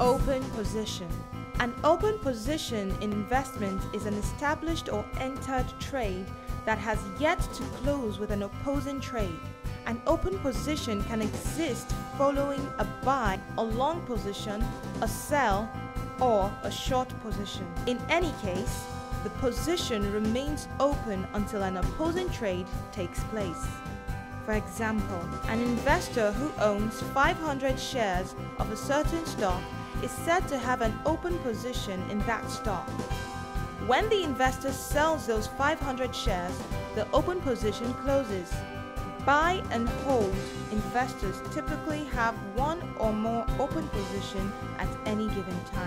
Open position. An open position in investment is an established or entered trade that has yet to close with an opposing trade. An open position can exist following a buy, a long position, a sell, or a short position. In any case, the position remains open until an opposing trade takes place. For example, an investor who owns 500 shares of a certain stock is said to have an open position in that stock. When the investor sells those 500 shares, the open position closes. Buy and hold investors typically have one or more open position at any given time.